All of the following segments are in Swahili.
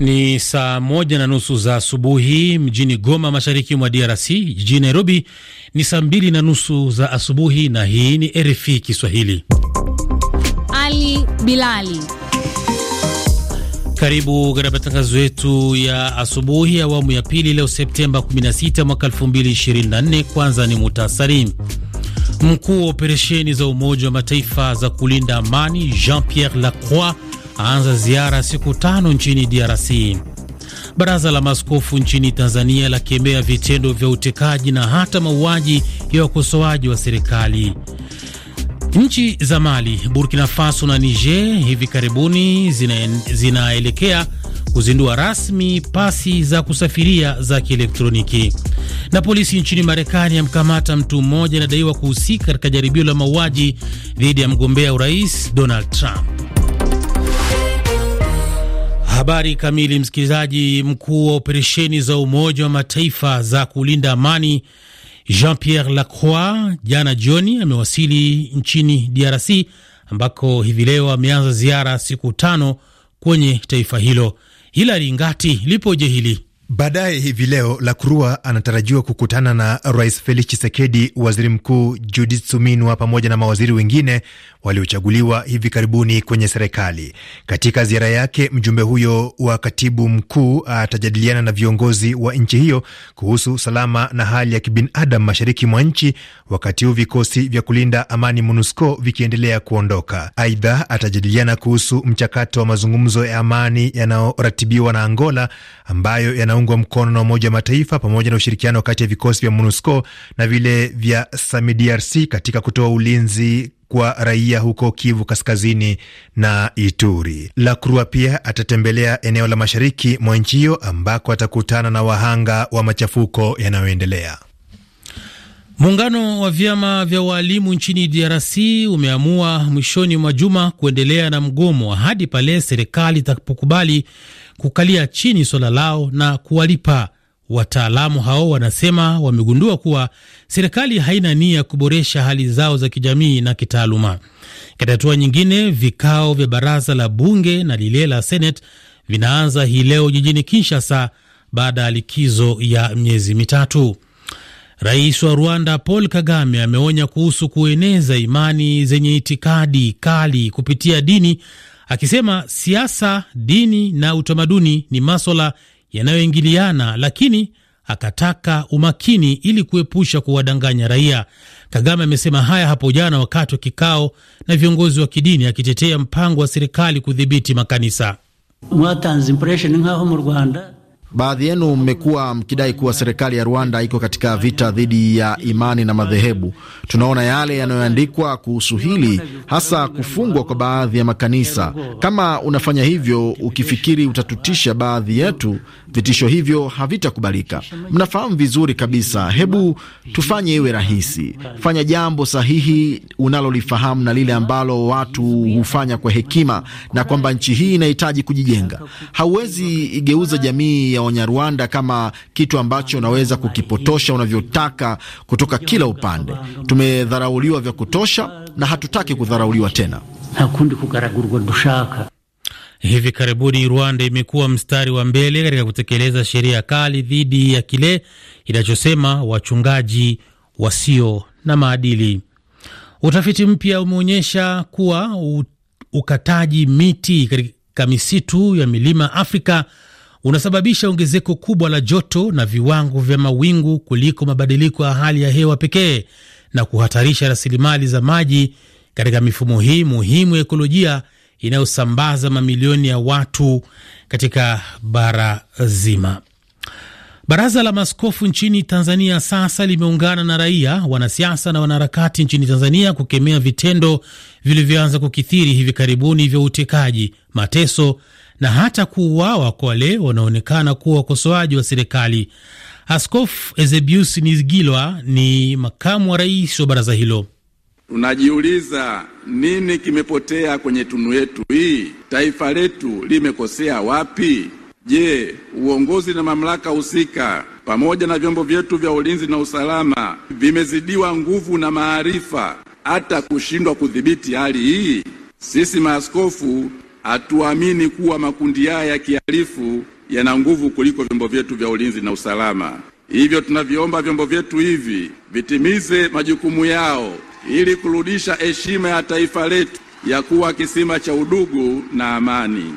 Ni saa moja na nusu za asubuhi mjini Goma, mashariki mwa DRC. Jijini Nairobi ni saa mbili na nusu za asubuhi, na hii ni RFI Kiswahili. Ali Bilali, karibu katika matangazo yetu ya asubuhi, awamu ya pili, leo Septemba 16 mwaka 2024. Kwanza ni muhtasari Mkuu wa operesheni za Umoja wa Mataifa za kulinda amani Jean Pierre Lacroix aanza ziara siku tano nchini DRC. Baraza la maskofu nchini Tanzania lakemea vitendo vya utekaji na hata mauaji ya wakosoaji wa serikali. Nchi za Mali, Burkina Faso na Niger hivi karibuni zinaelekea zina kuzindua rasmi pasi za kusafiria za kielektroniki. Na polisi nchini Marekani amkamata mtu mmoja anadaiwa kuhusika katika jaribio la mauaji dhidi ya mgombea urais Donald Trump. Habari kamili, msikilizaji. Mkuu wa operesheni za Umoja wa Mataifa za kulinda amani Jean-Pierre Lacroix jana jioni amewasili nchini DRC ambako hivi leo ameanza ziara siku tano kwenye taifa hilo. Hilari Ngati lipoje hili Baadaye hivi leo Lakrua anatarajiwa kukutana na Rais Felix Chisekedi, waziri mkuu Judith Suminwa pamoja na mawaziri wengine waliochaguliwa hivi karibuni kwenye serikali. Katika ziara yake, mjumbe huyo wa katibu mkuu atajadiliana na viongozi wa nchi hiyo kuhusu usalama na hali ya kibinadam mashariki mwa nchi, wakati huu vikosi vya kulinda amani MONUSCO vikiendelea kuondoka. Aidha, atajadiliana kuhusu mchakato wa mazungumzo ya amani yanayoratibiwa na Angola ambayo yana yanaungwa mkono na Umoja wa Mataifa pamoja na ushirikiano kati ya vikosi vya MONUSCO na vile vya SAMIDRC katika kutoa ulinzi kwa raia huko Kivu Kaskazini na Ituri. Lacroix pia atatembelea eneo la mashariki mwa nchi hiyo ambako atakutana na wahanga wa machafuko yanayoendelea. Muungano wa vyama vya waalimu nchini DRC umeamua mwishoni mwa juma kuendelea na mgomo hadi pale serikali itakapokubali kukalia chini swala lao na kuwalipa. Wataalamu hao wanasema wamegundua kuwa serikali haina nia ya kuboresha hali zao za kijamii na kitaaluma. Katika hatua nyingine, vikao vya baraza la bunge na lile la seneti vinaanza hii leo jijini Kinshasa baada ya likizo ya miezi mitatu. Rais wa Rwanda Paul Kagame ameonya kuhusu kueneza imani zenye itikadi kali kupitia dini akisema siasa, dini na utamaduni ni maswala yanayoingiliana, lakini akataka umakini ili kuepusha kuwadanganya raia. Kagame amesema haya hapo jana wakati wa kikao na viongozi wa kidini, akitetea mpango wa serikali kudhibiti makanisa. Baadhi yenu mmekuwa mkidai kuwa serikali ya Rwanda iko katika vita dhidi ya imani na madhehebu. Tunaona yale yanayoandikwa kuhusu hili, hasa kufungwa kwa baadhi ya makanisa. Kama unafanya hivyo ukifikiri utatutisha baadhi yetu, vitisho hivyo havitakubalika. Mnafahamu vizuri kabisa. Hebu tufanye iwe rahisi. Fanya jambo sahihi unalolifahamu na lile ambalo watu hufanya kwa hekima, na kwamba nchi hii inahitaji kujijenga. Hauwezi igeuza jamii kuwaonya Rwanda kama kitu ambacho unaweza kukipotosha unavyotaka kutoka kila upande. Tumedharauliwa vya kutosha na hatutaki kudharauliwa tena. Hivi karibuni Rwanda imekuwa mstari wa mbele katika kutekeleza sheria kali dhidi ya kile inachosema wachungaji wasio na maadili. Utafiti mpya umeonyesha kuwa ukataji miti katika misitu ya milima Afrika unasababisha ongezeko kubwa la joto na viwango vya mawingu kuliko mabadiliko ya hali ya hewa pekee na kuhatarisha rasilimali za maji katika mifumo hii muhimu ya ekolojia inayosambaza mamilioni ya watu katika bara zima. Baraza la maskofu nchini Tanzania sasa limeungana na raia, wanasiasa na wanaharakati nchini Tanzania kukemea vitendo vilivyoanza kukithiri hivi karibuni vya utekaji, mateso na hata kuuawa kwa wale wanaonekana kuwa wakosoaji wa serikali. Askofu Ezebius Nizigilwa ni makamu wa rais wa baraza hilo. Tunajiuliza, nini kimepotea kwenye tunu yetu hii? Taifa letu limekosea wapi? Je, uongozi na mamlaka husika pamoja na vyombo vyetu vya ulinzi na usalama vimezidiwa nguvu na maarifa hata kushindwa kudhibiti hali hii? Sisi maaskofu hatuamini kuwa makundi haya ya kihalifu yana nguvu kuliko vyombo vyetu vya ulinzi na usalama. Hivyo tunaviomba vyombo vyetu hivi vitimize majukumu yao ili kurudisha heshima ya taifa letu ya kuwa kisima cha udugu na amani.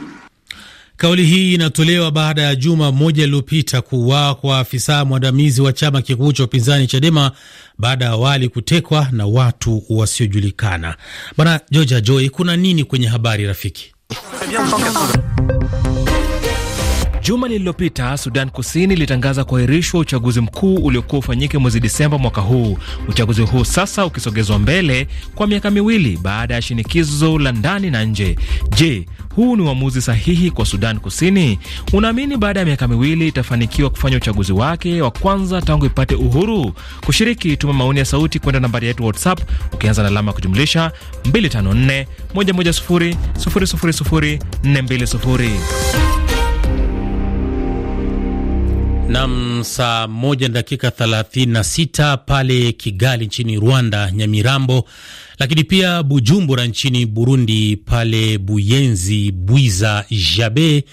Kauli hii inatolewa baada ya juma moja iliyopita kuuawa kwa afisa mwandamizi wa chama kikuu cha upinzani Chadema baada ya awali kutekwa na watu wasiojulikana. Bwana Georgia Joy, kuna nini kwenye habari rafiki? Très bien Juma lililopita Sudan Kusini ilitangaza kuahirishwa uchaguzi mkuu uliokuwa ufanyike mwezi Disemba mwaka huu, uchaguzi huu sasa ukisogezwa mbele kwa miaka miwili baada ya shinikizo la ndani na nje. Je, huu ni uamuzi sahihi kwa Sudan Kusini? Unaamini baada ya miaka miwili itafanikiwa kufanya uchaguzi wake wa kwanza tangu ipate uhuru? Kushiriki, tuma maoni ya sauti kwenda nambari yetu WhatsApp ukianza na alama ya kujumlisha 254 110 000 420. Nam, saa moja na dakika 36 na sita pale Kigali nchini Rwanda, Nyamirambo, lakini pia Bujumbura nchini Burundi, pale Buyenzi, Bwiza, Jabe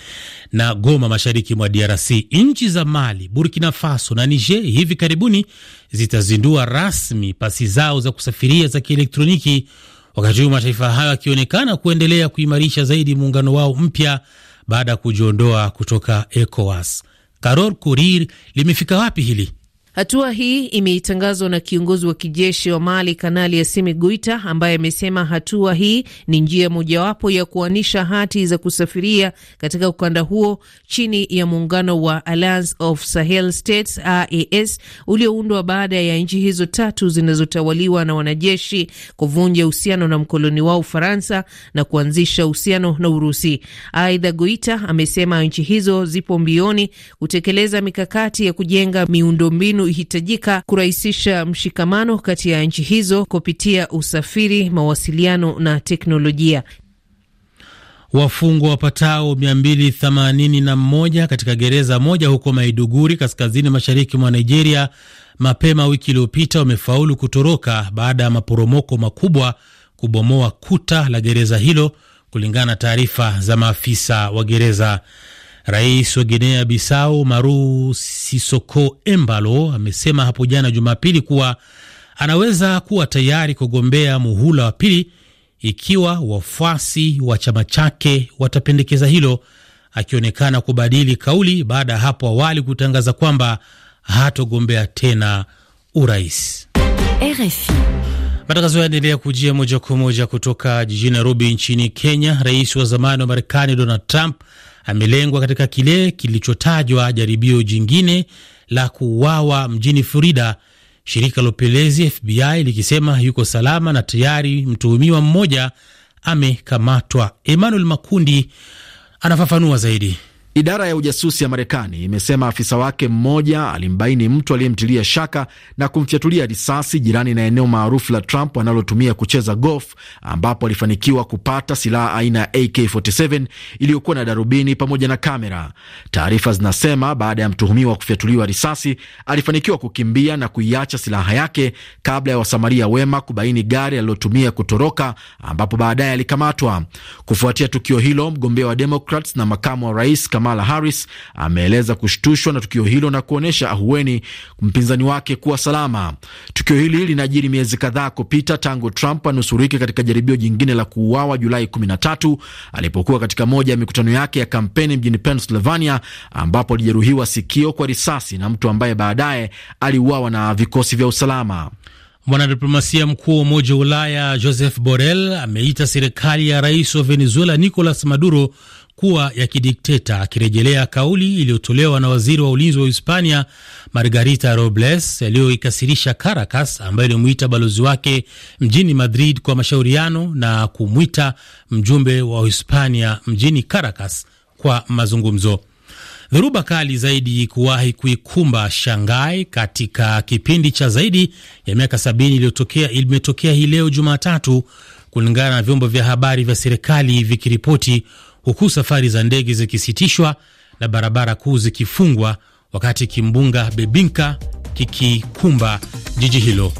na Goma mashariki mwa DRC. Nchi za Mali, Burkina Faso na Niger hivi karibuni zitazindua rasmi pasi zao za kusafiria za kielektroniki, wakati huu mataifa hayo yakionekana kuendelea kuimarisha zaidi muungano wao mpya baada ya kujiondoa kutoka ECOWAS. Karor Korir, limefika wapi hili? Hatua hii imeitangazwa na kiongozi wa kijeshi wa Mali, Kanali yasimi guita ambaye amesema hatua hii ni njia mojawapo ya kuanisha hati za kusafiria katika ukanda huo chini ya muungano wa Alliance of Sahel States AES ulioundwa baada ya nchi hizo tatu zinazotawaliwa na wanajeshi kuvunja uhusiano na mkoloni wao Ufaransa na kuanzisha uhusiano na Urusi. Aidha, guita amesema nchi hizo zipo mbioni kutekeleza mikakati ya kujenga miundombinu linalohitajika kurahisisha mshikamano kati ya nchi hizo kupitia usafiri, mawasiliano na teknolojia. Wafungwa wapatao 281 katika gereza moja huko Maiduguri, kaskazini mashariki mwa Nigeria, mapema wiki iliyopita wamefaulu kutoroka baada ya maporomoko makubwa kubomoa kuta la gereza hilo, kulingana na taarifa za maafisa wa gereza. Rais wa Guinea Bissau Maru Sisoko Embalo amesema hapo jana Jumapili kuwa anaweza kuwa tayari kugombea muhula wa pili ikiwa wafuasi wa chama chake watapendekeza hilo, akionekana kubadili kauli baada ya hapo awali kutangaza kwamba hatogombea tena urais. RFI. Matangazo yaendelea kujia moja kwa moja kutoka jijini Nairobi nchini Kenya. Rais wa zamani wa Marekani Donald Trump amelengwa katika kile kilichotajwa jaribio jingine la kuuawa mjini Florida, shirika la upelelezi FBI likisema yuko salama na tayari mtuhumiwa mmoja amekamatwa. Emmanuel Makundi anafafanua zaidi. Idara ya ujasusi ya Marekani imesema afisa wake mmoja alimbaini mtu aliyemtilia shaka na kumfyatulia risasi jirani na eneo maarufu la Trump analotumia kucheza golf, ambapo alifanikiwa kupata silaha aina ya AK47 iliyokuwa na darubini pamoja na kamera. Taarifa zinasema baada ya mtuhumiwa wa kufyatuliwa risasi, alifanikiwa kukimbia na kuiacha silaha yake kabla ya wasamaria wema kubaini gari alilotumia kutoroka, ambapo baadaye alikamatwa. Kufuatia tukio hilo, mgombea wa Democrats na makamu wa rais Kamala Harris ameeleza kushtushwa na tukio hilo na kuonyesha ahueni mpinzani wake kuwa salama. Tukio hili linajiri miezi kadhaa kupita tangu Trump anusurike katika jaribio jingine la kuuawa Julai 13 alipokuwa katika moja ya mikutano yake ya kampeni mjini Pennsylvania, ambapo alijeruhiwa sikio kwa risasi na mtu ambaye baadaye aliuawa na vikosi vya usalama. Mwanadiplomasia mkuu wa Umoja wa Ulaya Joseph Borrell ameita serikali ya rais wa Venezuela Nicolas Maduro kuwa ya kidikteta, akirejelea kauli iliyotolewa na waziri wa ulinzi wa Hispania Margarita Robles yaliyoikasirisha Caracas, ambayo ilimuita balozi wake mjini Madrid kwa mashauriano na kumwita mjumbe wa Hispania mjini Caracas kwa mazungumzo. Dhoruba kali zaidi kuwahi kuikumba Shanghai katika kipindi cha zaidi ya miaka sabini iliyotokea imetokea hii leo Jumatatu, kulingana na vyombo vya habari vya serikali vikiripoti, huku safari za ndege zikisitishwa na barabara kuu zikifungwa wakati kimbunga Bebinka kikikumba jiji hilo.